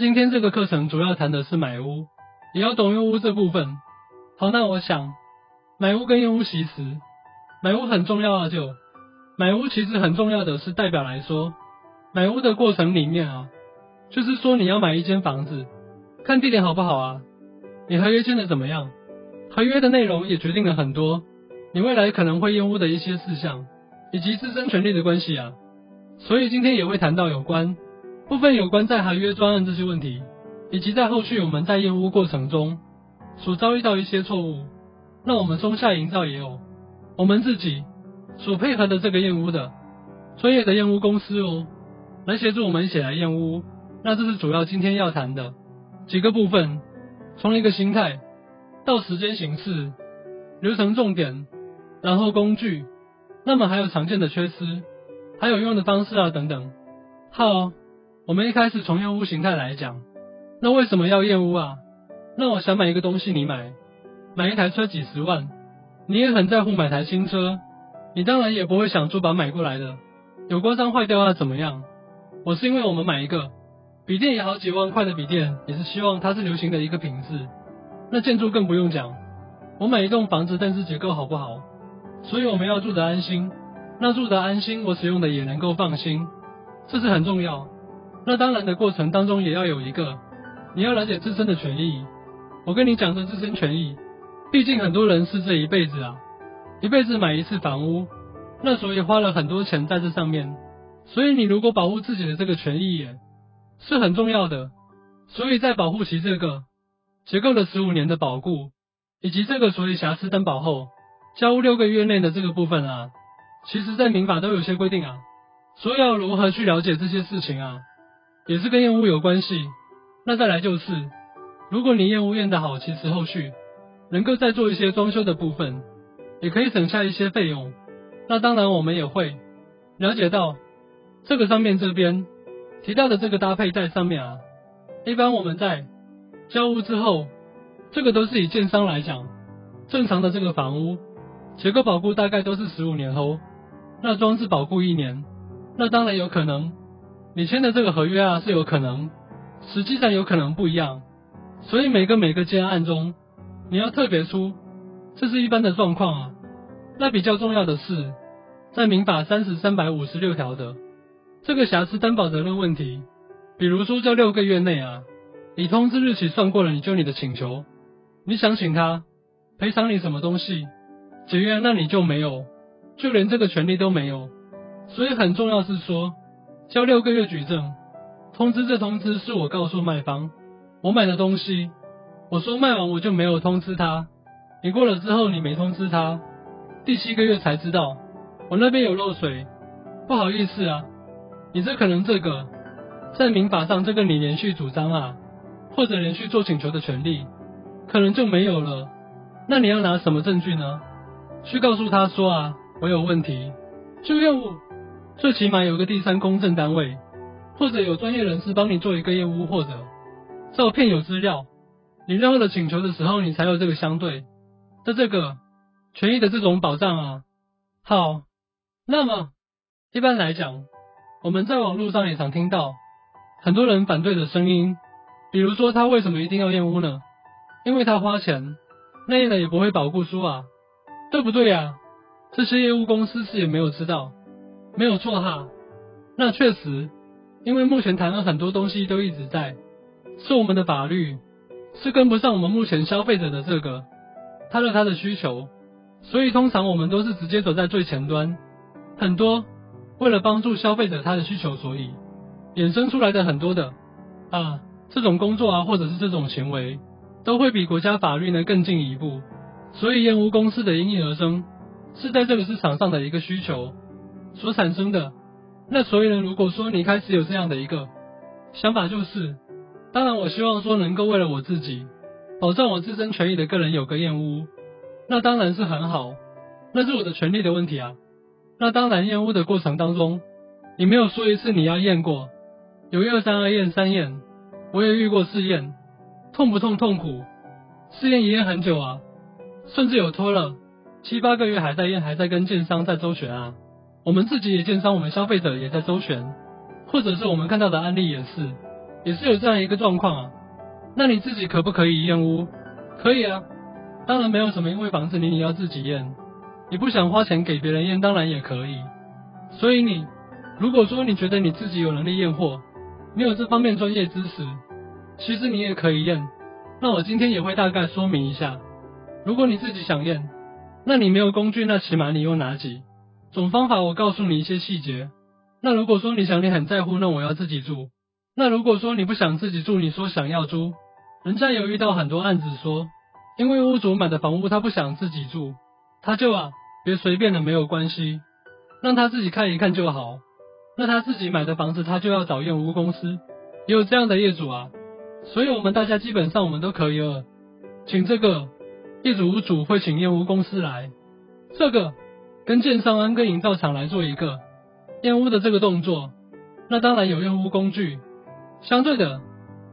今天這個課程主要談的是買屋，也要懂驗屋這部分。好，那我想買屋跟驗屋其實買屋很重要啊，就，就買屋其實很重要的是代表來說，買屋的過程裡面啊，就是說你要買一間房子，看地點好不好啊，你合約簽得怎麼樣，合約的內容也決定了很多你未來可能會驗屋的一些事項以及自身權利的關係啊。所以今天也會談到有關。部分有關在合約專案這些問題，以及在後續我們在驗屋過程中所遭遇到，一些錯誤，那我們松下營造也有我們自己所配合的這個驗屋的專業的驗屋公司哦，來協助我們一起來驗屋。那這是主要今天要談的幾個部分，從一個心態到時間形式、流程重點，然後工具，那麼還有常見的缺失，還有用的方式啊等等。好哦。我們一開始從驗屋形態來講，那為什麼要驗屋啊？那我想買一個東西，你買，買一台車幾十萬，你也很在乎買台新車，你當然也不會想說把買過來的。有刮傷壞掉啊怎麼樣？我是因為我們買一個筆電也好幾萬塊的筆電，也是希望它是流行的一個品質。那建築更不用講，我買一棟房子，但是結構好不好？所以我們要住得安心，那住得安心，我使用的也能夠放心，這是很重要。那當然的過程當中也要有一個，你要了解自身的權益。我跟你講的自身權益，畢竟很多人是這一輩子啊，一輩子買一次房屋，那所以花了很多錢在這上面。所以你如果保護自己的這個權益也，是很重要的。所以在保護其這個，結構的十五年的保固，以及這個所有瑕疵擔保後，交付六個月內的這個部分啊，其實，在民法都有些規定啊，所以要如何去了解這些事情啊？也是跟驗屋有關係。那再來就是，如果你驗屋驗得好，其實後續能夠再做一些裝修的部分，也可以省下一些費用。那當然，我們也會了解到這個上面這邊提到的這個搭配在上面啊。一般我們在交屋之後，這個都是以建商來講，正常的這個房屋結構保固大概都是十五年後，那裝置保固一年，那當然有可能。你簽的這個合約啊，是有可能，實際上有可能不一樣，所以每個每個建案中，你要特別出，這是一般的狀況啊。那比較重要的是，在民法三十三百五十六條的這個瑕疵擔保責任問題，比如說這六個月內啊，你通知日起算過了，你就你的請求，你想請他賠償你什麼東西，解約啊，那你就沒有，就連這個權利都沒有。所以很重要是說。交六個月舉證，通知這通知是我告訴賣方，我買的東西，我說賣完我就沒有通知他，你過了之後你沒通知他，第七個月才知道我那邊有漏水，不好意思啊，你這可能這個在民法上這個你連續主張啊，或者連續做請求的權利，可能就沒有了，那你要拿什麼證據呢？去告訴他說啊，我有問題，就因為最起碼有個第三公正單位，或者有專業人士幫你做一個驗屋，或者照片有資料，你任何的請求的時候，你才有這個相對的這個權益的這種保障啊。好，那麼一般來講，我們在網絡上也常聽到很多人反對的聲音，比如說他為什麼一定要驗屋呢？因為他花錢，那驗了也不會保固書啊，對不對呀、啊？這些業務公司是也沒有知道。沒有錯哈，那確實，因為目前談了很多東西都一直在，是我們的法律是跟不上我們目前消費者的這個他的他的需求，所以通常我們都是直接走在最前端，很多為了幫助消費者他的需求，所以衍生出來的很多的啊這種工作啊或者是這種行為都會比國家法律呢更進一步，所以驗屋公司的應運而生是在這個市場上的一個需求。所產生的，那所以呢，如果說你開始有這樣的一個想法，就是，當然我希望說能夠為了我自己，保障我自身權益的個人有個驗屋，那當然是很好，那是我的權利的問題啊。那當然驗屋的過程當中，你沒有說一次你要驗過，有一二三二驗三驗，我也遇過四驗，痛不痛？痛苦，四驗一驗很久啊，甚至有拖了七八個月還在驗，還在跟建商在周旋啊。我們自己也建商，我們消費者也在周旋，或者是我們看到的案例也是，也是有這樣一個狀況啊。那你自己可不可以驗屋？可以啊，當然沒有什麼，因為房子你你要自己驗，你不想花錢給別人驗，當然也可以。所以你如果說你覺得你自己有能力驗貨，你有這方面專業知識，其實你也可以驗。那我今天也會大概說明一下，如果你自己想驗，那你沒有工具，那起碼你用哪幾？總方法，我告訴你一些細節。那如果說你想，你很在乎，那我要自己住。那如果說你不想自己住，你說想要租。人家有遇到很多案子說，因為屋主買的房屋他不想自己住，他就啊，別隨便的沒有關係，讓他自己看一看就好。那他自己買的房子他就要找驗屋公司，也有這樣的業主啊。所以我們大家基本上我們都可以了。請這個業主屋主會請驗屋公司來，這個，跟建商安跟營造廠來做一個驗屋的這個動作，那當然有驗屋工具，相對的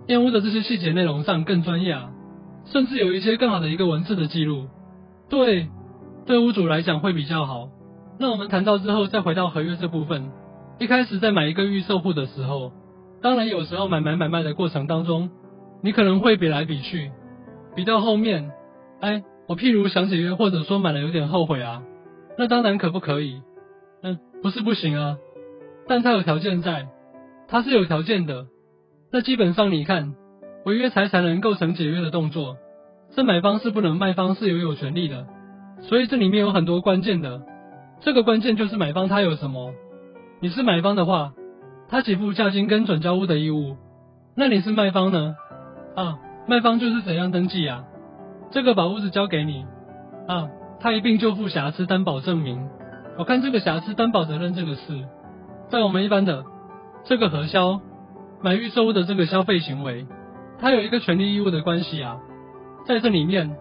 驗屋的這些細節內容上更專業，甚至有一些更好的一個文字的記錄，對，對屋主來講會比較好。那我們談到之後再回到合約這部分，一開始在買一個預售戶的時候，當然有時候買買買賣的過程當中，你可能會比來比去，比到後面，哎、欸，我譬如想解約，或者說買了有點後悔啊。那當然可不可以？嗯，不是不行啊，但它有條件在，它是有條件的。那基本上你看，違約才才能構成解約的動作，這買方是不能，賣方是有有權利的。所以這裡面有很多關鍵的，這個關鍵就是買方他有什麼？你是買方的話，他給付價金跟轉交屋的義務。那你是賣方呢？啊，賣方就是怎樣登記呀、啊？這個把屋子交給你啊。他一併就付瑕疵擔保證明。我看這個瑕疵擔保責任這個事，在我們一般的這個核銷買預售屋的這個消費行為，它有一個權利義務的關係啊。在這裡面，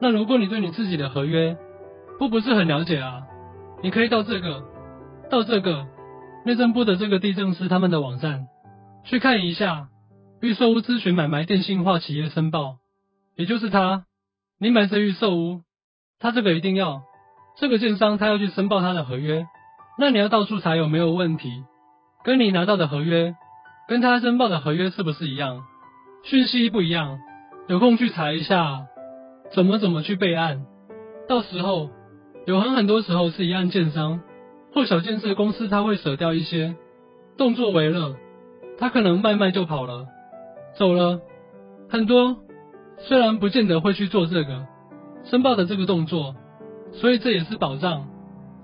那如果你對你自己的合約不不是很了解啊，你可以到這個到這個內政部的這個地政司他們的網站去看一下預售屋諮詢買賣電信化企業申報，也就是他你買這預售屋。他這個一定要，這個建商他要去申報他的合約，那你要到處查有沒有問題，跟你拿到的合約，跟他申報的合約是不是一樣？訊息不一樣，有空去查一下，怎麼怎麼去備案。到時候，有很很多時候是一案建商或小建設公司，他會捨掉一些動作為樂，他可能賣賣就跑了，走了。很多雖然不見得會去做這個。申報的這個動作，所以這也是保障。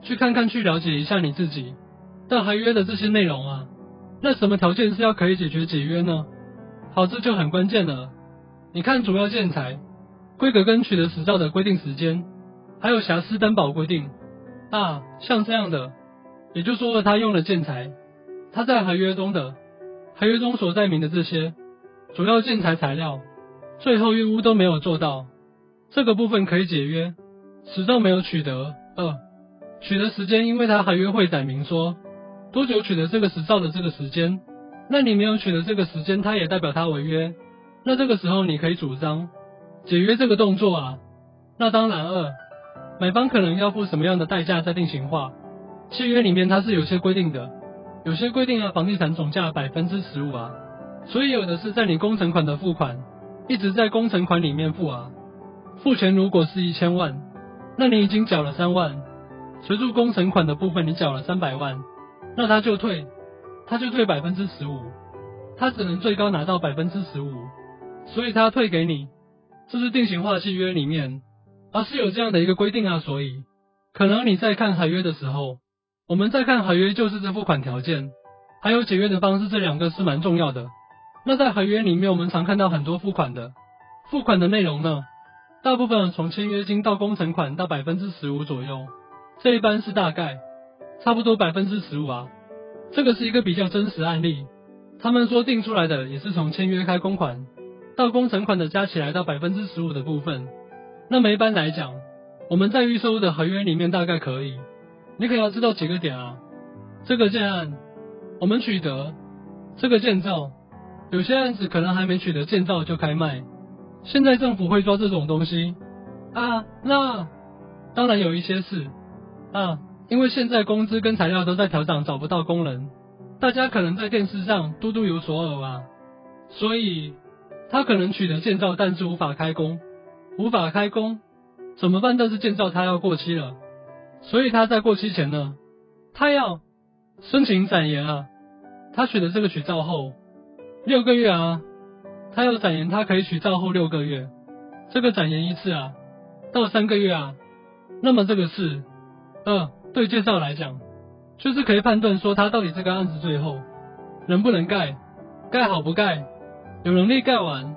去看看，去了解一下你自己。但合約的這些內容啊，那什麼條件是要可以解決解約呢？好，這就很關鍵了。你看主要建材規格跟取得執照的規定時間，還有瑕疵擔保規定啊，像這樣的，也就說了他用了建材，他在合約中的合約中所載明的這些主要建材材料，最後驗屋都沒有做到。這個部分可以解約，執照沒有取得。二、呃，取得時間，因為他還約會載明說多久取得這個執照的這個時間，那你沒有取得這個時間，他也代表他違約。那這個時候你可以主張解約這個動作啊。那當然二、呃，買方可能要付什麼樣的代價，在定型化契約裡面它是有些規定的，有些規定啊，房地產總價百分之十五啊，所以有的是在你工程款的付款，一直在工程款裡面付啊。付錢如果是一千萬，那你已經繳了三萬，隨住工程款的部分你繳了三百萬，那他就退，他就退百分之十五，他只能最高拿到百分之十五，所以他退給你，這是定型化契約裡面，而是有這樣的一個規定啊，所以可能你在看合約的時候，我們在看合約就是這付款條件，還有解約的方式，這兩個是蠻重要的。那在合約裡面，我們常看到很多付款的，付款的內容呢？大部分從簽約金到工程款到百分之十五左右，這一般是大概，差不多百分之十五啊。這個是一個比較真實案例，他們說定出來的也是從簽約開工款到工程款的加起來到百分之十五的部分。那麼一般來講，我們在預售的合約裡面大概可以，你可以要知道幾個點啊。這個建案我們取得這個建造，有些案子可能還沒取得建造就開賣。現在政府會抓這種東西啊？那當然有一些事啊，因為現在工資跟材料都在調漲，找不到工人，大家可能在電視上都都有所耳聞啊。所以他可能取得建造，但是無法開工，無法開工怎麼辦？但是建造他要過期了，所以他在過期前呢，他要申請展延啊。他取得這個許可後，後六個月啊。他要展延他可以取照後六個月，這個展延一次啊，到三個月啊。那麼這個是，呃，對介紹來講，就是可以判斷說他到底這個案子最後能不能蓋，蓋好不蓋，有能力蓋完，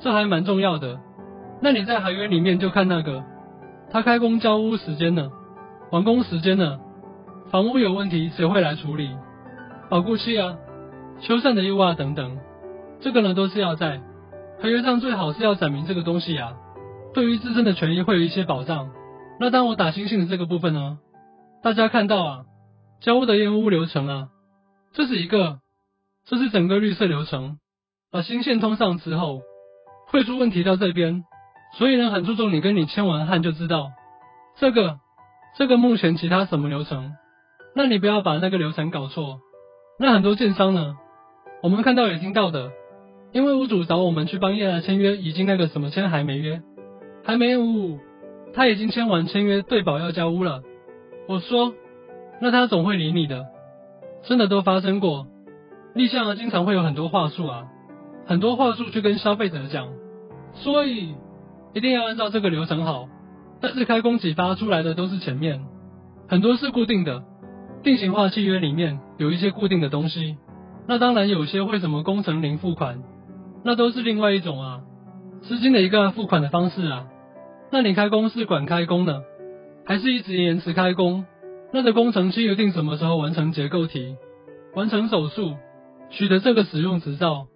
這還蠻重要的。那你在合約裡面就看那個，他開工交屋時間呢，完工時間呢，房屋有問題誰會來處理，保固期啊，修繕的義務啊等等。這個呢都是要在合約上，最好是要載明這個東西呀、啊，對於自身的權益會有一些保障。那當我打星星的這個部分呢，大家看到啊，交屋的驗屋流程啊，這是一個，這是整個綠色流程。把新線通上之後，會出問題到這邊，所以呢很注重你跟你簽完漢就知道，這個，這個目前其他什麼流程。那你不要把那個流程搞錯。那很多建商呢，我們看到也聽到的。因為屋主找我們去幫業主簽約，已經那個什麼簽還沒約，還沒五五。他已經簽完簽約、對保要交屋了。我說，那他總會理你的，真的都發生過。立項啊，經常會有很多話術啊，很多話術去跟消費者講，所以一定要按照這個流程好。但是開工幾發出來的都是前面，很多是固定的，定型化契約裡面有一些固定的東西。那當然有些會什麼工程零付款。那都是另外一種啊，資金的一個付款的方式啊。那你開工是管開工呢，還是一直延遲開工？那這工程期約定什麼時候完成結構體、完成手術、取得這個使用執照？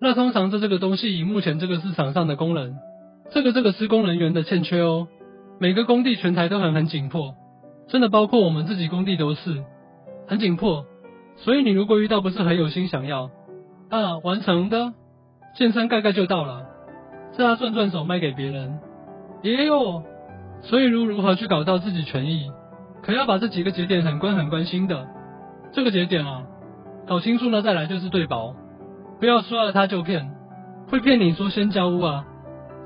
那通常這這個東西以目前這個市場上的工人，這個這個施工人員的欠缺哦，每個工地全台都很很緊迫，真的包括我們自己工地都是很緊迫。所以你如果遇到不是很有心想要啊完成的。建商蓋蓋就到了，是他轉轉手賣給別人，也有。所以如如何去搞到自己權益，可要把這幾個節點很關很關心的。這個節點啊，搞清楚了，再來就是對保，不要說了他就騙，會騙你說先交屋啊、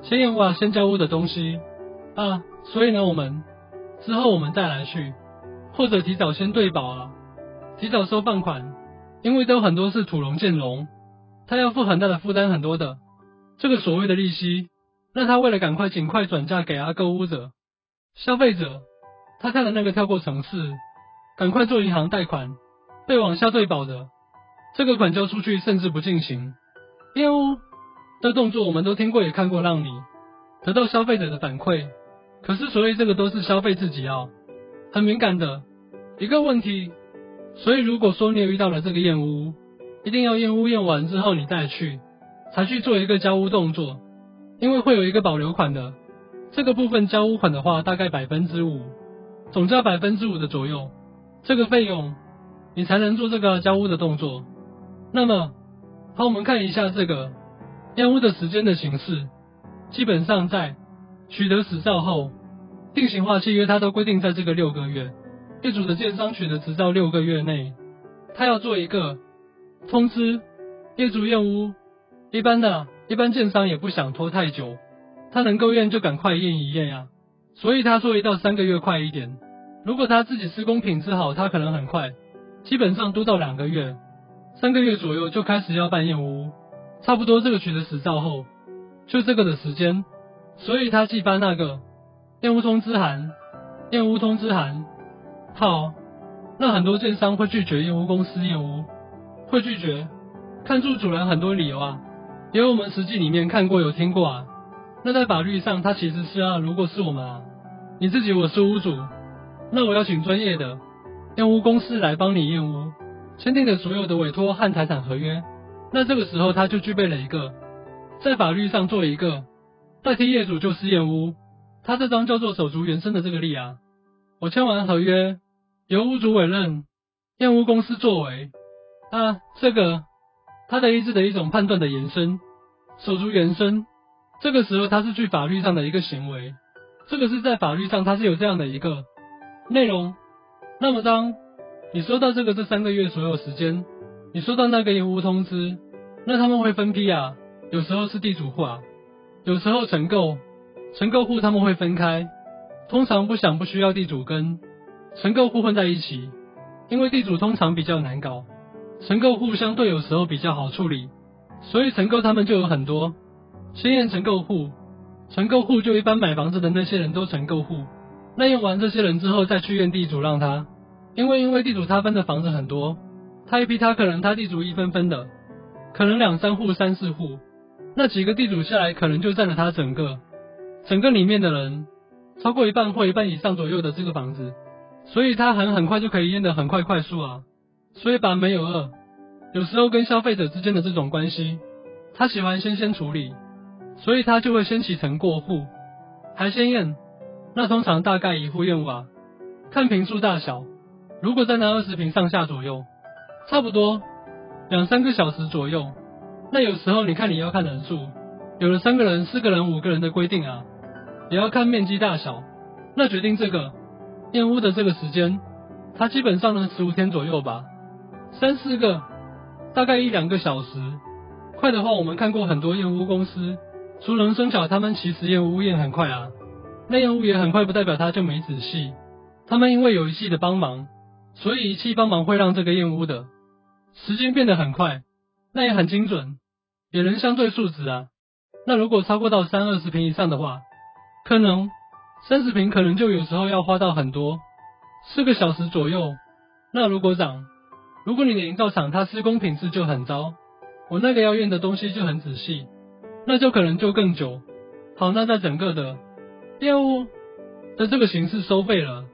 先驗屋啊、先交屋的東西啊。所以呢，我們之後我們再來去，或者提早先對保啊，提早收放款，因為都很多是土龍建龍。他要付很大的負擔，很多的這個所謂的利息，那他為了趕快盡快轉嫁給啊購屋者、消費者，他看了那個跳過程式，趕快做銀行貸款，被往下對保的這個款交出去，甚至不進行驗屋的動作，我們都聽過也看過，讓你得到消費者的反饋。可是所以這個都是消費自己要、哦、很敏感的一個問題。所以如果說你也遇到了這個驗屋一定要驗屋，驗完之後你再去，才去做一個交屋動作，因為會有一個保留款的，這個部分交屋款的話大概百分之五，總價百分之五的左右，這個費用你才能做這個交屋的動作。那麼好，我們看一下這個驗屋的時間的形式，基本上在取得使照後，定型化契約它都規定在這個六個月，業主的建商取得使照六個月內，他要做一個。通知業主驗屋，一般的一般建商也不想拖太久，他能夠驗就趕快驗一驗呀、啊。所以他說一到三個月快一點，如果他自己施工品質好，他可能很快，基本上都到兩個月、三個月左右就開始要辦驗屋，差不多這個取得執照後，就這個的時間，所以他寄發那個驗屋通知函，驗屋通知函，好，那很多建商會拒絕驗屋公司驗屋。會拒絕，看住主人很多理由啊，也有我們實際裡面看過有聽過啊。那在法律上，他其實是啊，如果是我們啊，你自己我是屋主，那我要請專業的驗屋公司來幫你驗屋，簽訂了所有的委託和財產合約，那這個時候他就具備了一個，在法律上做了一個代替業主就是驗屋，他這張叫做手足原生的這個利啊，我簽完合約，由屋主委任驗屋公司作為。啊，這個，他的意志的一種判斷的延伸，手足延伸，這個時候他是具法律上的一個行為，這個是在法律上他是有這樣的一個內容。那麼當你收到這個這三個月左右時間，你收到那個驗屋通知，那他們會分批啊，有時候是地主戶、啊，有時候承購，承購戶他們會分開，通常不想不需要地主跟承購戶混在一起，因為地主通常比較難搞。承購戶相對有時候比較好處理，所以承購他們就有很多。先驗承購戶，承購戶就一般買房子的那些人都承購戶，那驗完這些人之後再去驗地主讓他，因為因為地主他分的房子很多，他一批他可能他地主一分分的，可能兩三戶三四戶，那幾個地主下來可能就佔了他整個整個裡面的人超過一半或一半以上左右的這個房子，所以他很很快就可以驗得很快快速啊。所以吧，沒有二，有時候跟消費者之間的這種關係，他喜歡先先處理，所以他就會先啟程過戶，還先驗。那通常大概一戶驗屋，看平數大小，如果在那二十平上下左右，差不多兩三個小時左右。那有時候你看你要看人數，有了三個人、四個人、五個人的規定啊，也要看面積大小，那決定這個驗屋的這個時間，它基本上呢十五天左右吧。三四個，大概一兩個小時，快的話我們看過很多驗屋公司，熟能生巧，他們其實驗屋驗很快啊，那驗屋也很快，不代表他就沒仔細，他們因為有儀器的幫忙，所以儀器幫忙會讓這個驗屋的時間變得很快，那也很精準，也能相對數值啊，那如果超過到三二十坪以上的話，可能三十坪可能就有時候要花到很多，四個小時左右，那如果漲。如果你的營造廠它施工品質就很糟，我那個要驗的東西就很仔細，那就可能就更久。好，那在整個的驗屋的這個形式收費了，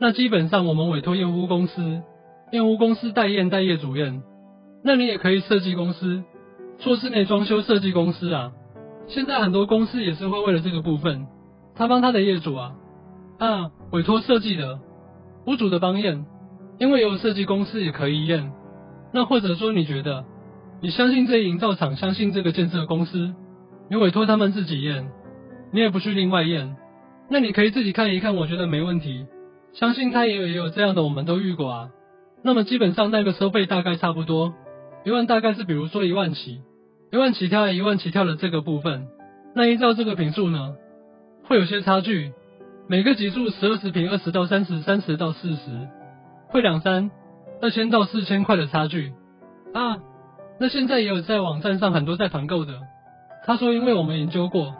那基本上我們委托驗屋公司，驗屋公司代驗代業主驗，那你也可以設計公司做室內裝修設計公司啊，現在很多公司也是會為了這個部分，他幫他的業主啊啊委托設計的屋主的幫驗。因為有設計公司也可以驗，那或者說你覺得，你相信這營造廠，相信這個建設公司，你委托他們自己驗，你也不去另外驗，那你可以自己看一看，我覺得沒問題，相信他也有也有這樣的，我們都遇過啊。那麼基本上那個收費大概差不多，一萬大概是比如說一萬起，一萬起跳，一萬起跳的這個部分，那依照這個坪數呢，會有些差距，每個級數十二十坪、二十到三十，三十到四十。會兩三二千到四千塊的差距啊，那現在也有在網站上很多在團購的。他說因為我們研究過，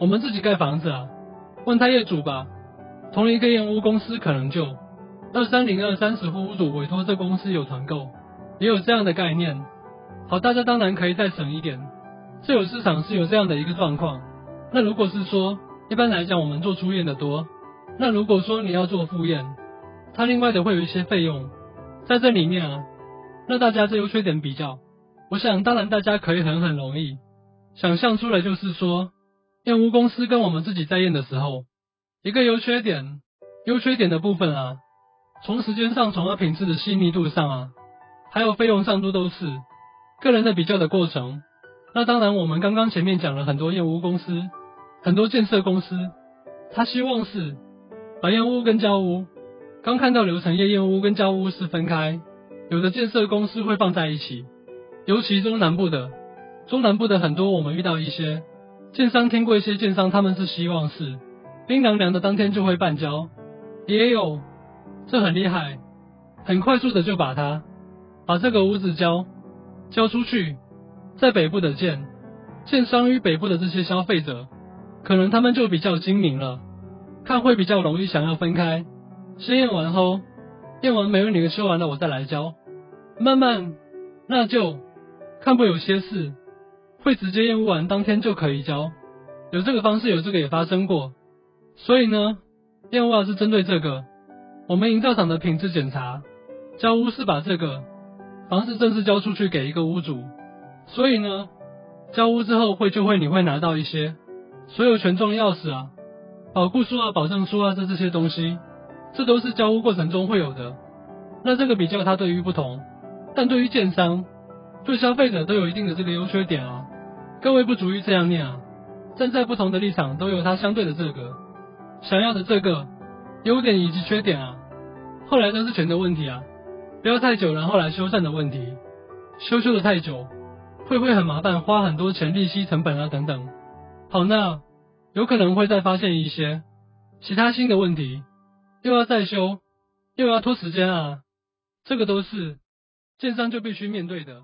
我們自己蓋房子啊，問他業主吧，同一個驗屋公司可能就二三零二三十戶屋主委托這公司有團購，也有這樣的概念。好，大家當然可以再省一點，自由市場是有這樣的一個狀況。那如果是說，一般來講我們做初驗的多，那如果說你要做複驗。它另外的會有一些費用，在這裡面啊，那大家這優缺點比較，我想當然大家可以很很容易想象出來，就是說驗屋公司跟我們自己在驗的時候，一個優缺點，優缺點的部分啊，從時間上，從啊品質的細膩度上啊，還有費用上都都是個人的比較的過程。那當然我們剛剛前面講了很多驗屋公司，很多建設公司，他希望是把驗屋跟交屋。剛看到流程，驗驗屋跟交屋是分開，有的建設公司會放在一起，尤其中南部的，中南部的很多我們遇到一些建商，聽過一些建商，他們是希望是冰涼涼的當天就會辦交，也有這很厲害，很快速的就把它把這個屋子交交出去。在北部的建建商與北部的這些消費者，可能他們就比較精明了，看會比較容易想要分開。先驗完後，驗完沒有哪個修完了，我再來交。慢慢，那就，看不有些事會直接驗屋完當天就可以交。有這個方式，有這個也發生過。所以呢，驗屋啊是針對這個，我們營造廠的品質檢查。交屋是把這個房子正式交出去給一個屋主。所以呢，交屋之後會就會你會拿到一些所有權狀、鑰匙啊、保固書啊、保證書啊這這些東西。這都是交互過程中會有的。那這個比較它對於不同，但對於建商，對消費者都有一定的這個優缺點啊。各位不足以這樣念啊，站在不同的立場都有它相對的這個想要的這個優點以及缺點啊。後來都是錢的問題啊，不要太久然後來修繕的問題，修修的太久會不會很麻煩，花很多錢利息成本啊等等。好，那有可能會再發現一些其他新的問題。又要再修，又要拖時間啊，這個都是建商就必須面對的。